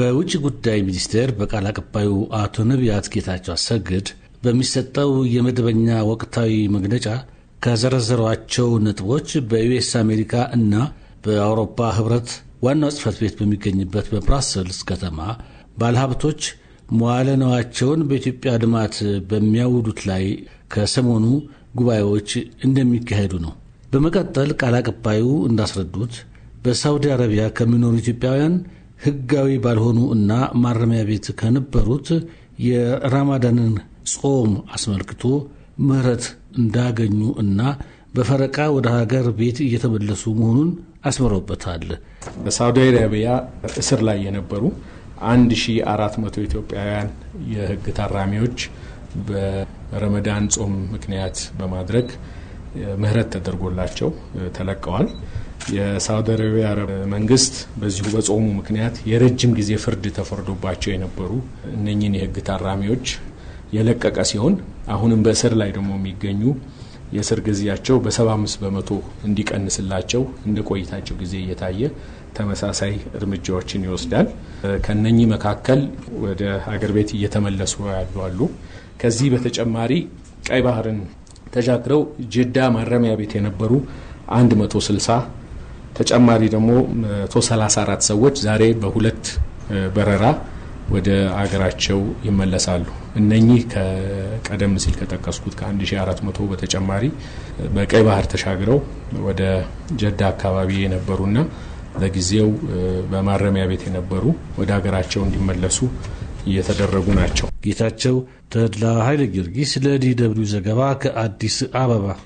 በውጭ ጉዳይ ሚኒስቴር በቃል አቀባዩ አቶ ነቢያት ጌታቸው አሰግድ በሚሰጠው የመደበኛ ወቅታዊ መግለጫ ከዘረዘሯቸው ነጥቦች በዩኤስ አሜሪካ እና በአውሮፓ ህብረት ዋናው ጽህፈት ቤት በሚገኝበት በብራሰልስ ከተማ ባለሀብቶች መዋለ በኢትዮጵያ ልማት በሚያውሉት ላይ ከሰሞኑ ጉባኤዎች እንደሚካሄዱ ነው። በመቀጠል ቃል አቀባዩ እንዳስረዱት በሳውዲ አረቢያ ከሚኖሩ ኢትዮጵያውያን ህጋዊ ባልሆኑ እና ማረሚያ ቤት ከነበሩት የራማዳንን ጾም አስመልክቶ ምህረት እንዳገኙ እና በፈረቃ ወደ ሀገር ቤት እየተመለሱ መሆኑን አስምረውበታል። በሳውዲ አረቢያ እስር ላይ የነበሩ 1400 ኢትዮጵያውያን የህግ ታራሚዎች በረመዳን ጾም ምክንያት በማድረግ ምህረት ተደርጎላቸው ተለቀዋል። የሳውዲ አረቢያ አረብ መንግስት በዚሁ በጾሙ ምክንያት የረጅም ጊዜ ፍርድ ተፈርዶባቸው የነበሩ እነኚህን የህግ ታራሚዎች የለቀቀ ሲሆን አሁንም በእስር ላይ ደግሞ የሚገኙ የእስር ጊዜያቸው በ75 በመቶ እንዲቀንስላቸው እንደ ቆይታቸው ጊዜ እየታየ ተመሳሳይ እርምጃዎችን ይወስዳል። ከነኚህ መካከል ወደ ሀገር ቤት እየተመለሱ ያሉ አሉ። ከዚህ በተጨማሪ ቀይ ባህርን ተሻግረው ጅዳ ማረሚያ ቤት የነበሩ 160 ተጨማሪ ደግሞ 134 ሰዎች ዛሬ በሁለት በረራ ወደ አገራቸው ይመለሳሉ። እነኚህ ከቀደም ሲል ከጠቀስኩት ከ1400 በተጨማሪ በቀይ ባህር ተሻግረው ወደ ጀዳ አካባቢ የነበሩና ለጊዜው በማረሚያ ቤት የነበሩ ወደ አገራቸው እንዲመለሱ እየተደረጉ ናቸው። ጌታቸው ተድላ ኃይለ ጊዮርጊስ ለዲ ደብልዩ ዘገባ ከአዲስ አበባ